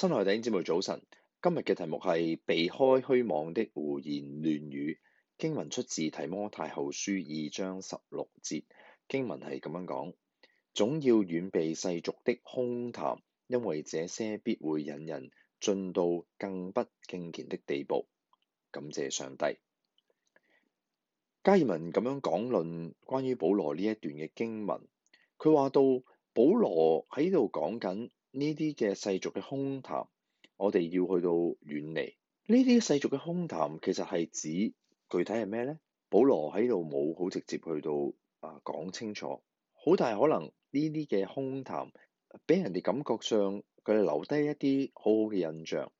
新來聽節目早晨，今日嘅題目係避開虛妄的胡言亂語。經文出自《提摩太後書》二章十六節，經文係咁樣講：總要遠避世俗的空談，因為這些必會引人進到更不敬虔的地步。感謝上帝。加爾文咁樣講論關於保羅呢一段嘅經文，佢話到保羅喺度講緊。呢啲嘅世俗嘅空談，我哋要去到遠離。呢啲世俗嘅空談，其實係指具體係咩呢？保羅喺度冇好直接去到啊講清楚，好大可能呢啲嘅空談，畀人哋感覺上佢哋留低一啲好好嘅印象。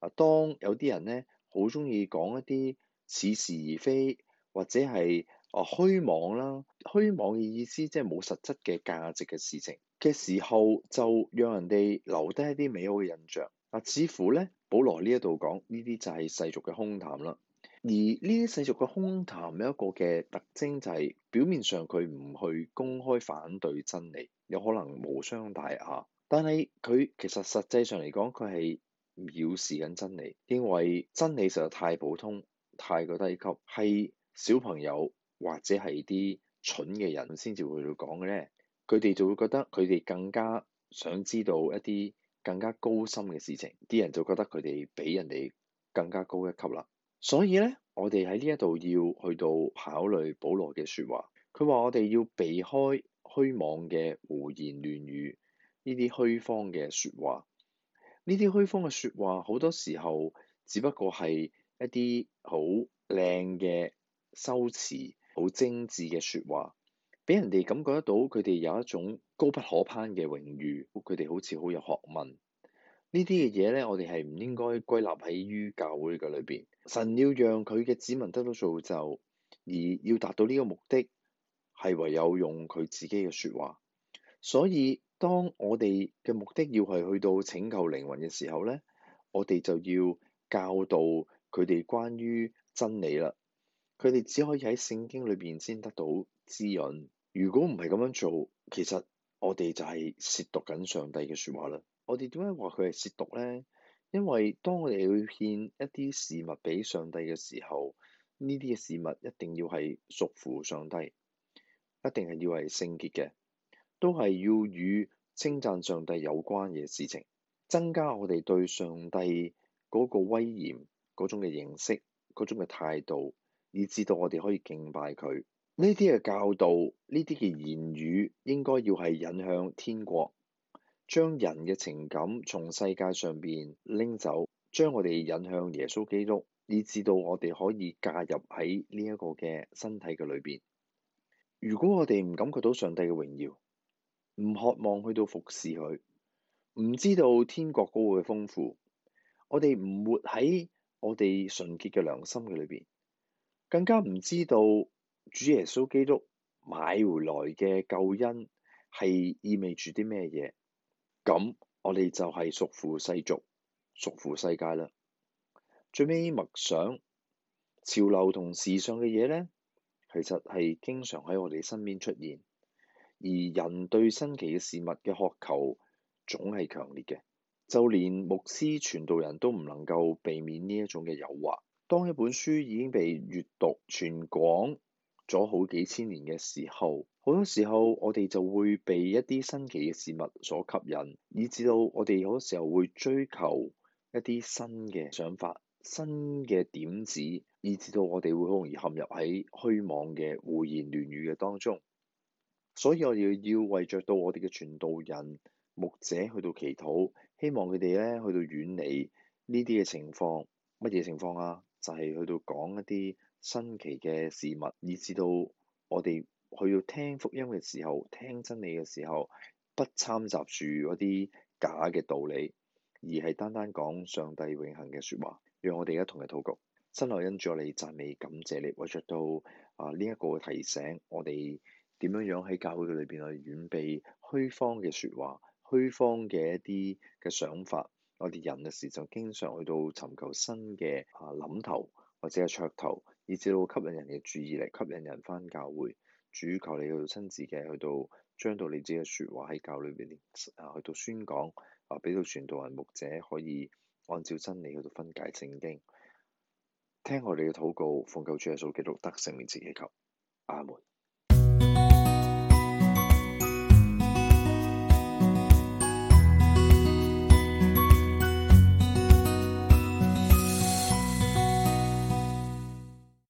啊，當有啲人呢好鍾意講一啲似是而非，或者係。啊，虛妄啦！虛妄嘅意思即係冇實質嘅價值嘅事情嘅時候，就讓人哋留低一啲美好嘅印象。啊，似乎咧，保羅呢一度講呢啲就係世俗嘅空談啦。而呢啲世俗嘅空談有一個嘅特徵就係、是、表面上佢唔去公開反對真理，有可能無傷大雅，但係佢其實實際上嚟講，佢係藐視緊真理，因為真理實在太普通、太過低級，係小朋友。或者係啲蠢嘅人先至會去講嘅咧，佢哋就會覺得佢哋更加想知道一啲更加高深嘅事情，啲人就覺得佢哋比人哋更加高一級啦。所以咧，我哋喺呢一度要去到考慮保羅嘅説話，佢話我哋要避開虛妄嘅胡言亂語，呢啲虛謊嘅説話。呢啲虛謊嘅説話好多時候，只不過係一啲好靚嘅修辭。好精緻嘅説話，俾人哋感覺得到佢哋有一種高不可攀嘅榮譽，佢哋好似好有學問。呢啲嘅嘢咧，我哋係唔應該歸納喺於教會嘅裏邊。神要讓佢嘅子民得到造就，而要達到呢個目的，係唯有用佢自己嘅説話。所以，當我哋嘅目的要係去到拯救靈魂嘅時候咧，我哋就要教導佢哋關於真理啦。佢哋只可以喺聖經裏邊先得到滋潤。如果唔係咁樣做，其實我哋就係褻瀆緊上帝嘅説話啦。我哋點解話佢係褻瀆咧？因為當我哋要獻一啲事物俾上帝嘅時候，呢啲嘅事物一定要係屬乎上帝，一定係要係聖潔嘅，都係要與稱讚上帝有關嘅事情，增加我哋對上帝嗰個威嚴嗰種嘅認識，嗰種嘅態度。以至到我哋可以敬拜佢。呢啲嘅教導，呢啲嘅言語應該要係引向天國，將人嘅情感從世界上邊拎走，將我哋引向耶穌基督，以至到我哋可以嫁入喺呢一個嘅身體嘅裏邊。如果我哋唔感覺到上帝嘅榮耀，唔渴望去到服侍佢，唔知道天國高嘅豐富，我哋唔活喺我哋純潔嘅良心嘅裏邊，更加唔知道主耶穌基督買回來嘅救恩係意味住啲咩嘢，咁我哋就係屬乎世俗、屬乎世界啦。最尾默想潮流同時尚嘅嘢咧，其實係經常喺我哋身邊出現，而人對新奇嘅事物嘅渴求總係強烈嘅，就連牧師、傳道人都唔能夠避免呢一種嘅誘惑。當一本書已經被閱讀傳講咗好幾千年嘅時候，好多時候我哋就會被一啲新奇嘅事物所吸引，以至到我哋好多時候會追求一啲新嘅想法、新嘅點子，以至到我哋會好容易陷入喺虛妄嘅胡言亂語嘅當中。所以我哋要為着到我哋嘅傳道人、牧者去到祈禱，希望佢哋咧去到遠離呢啲嘅情況，乜嘢情況啊？就係去到講一啲新奇嘅事物，以至到我哋去到聽福音嘅時候，聽真理嘅時候，不參雜住嗰啲假嘅道理，而係單單講上帝永恆嘅説話。讓我哋一同佢禱告。真愛恩主，我哋讚美感謝你，為着到啊呢一個提醒，我哋點樣樣喺教會裏邊去遠避虛妄嘅説話，虛妄嘅一啲嘅想法。我哋人嘅時就經常去到尋求新嘅啊諗頭或者係噱頭，以至到吸引人嘅注意力，吸引人返教會。主求你去到親自嘅去到，將到你自己嘅説話喺教裏邊啊，去到宣講啊，俾到傳道人牧者可以按照真理去到分解聖經，聽我哋嘅禱告，奉救主耶穌基督得聖靈自己求，阿門。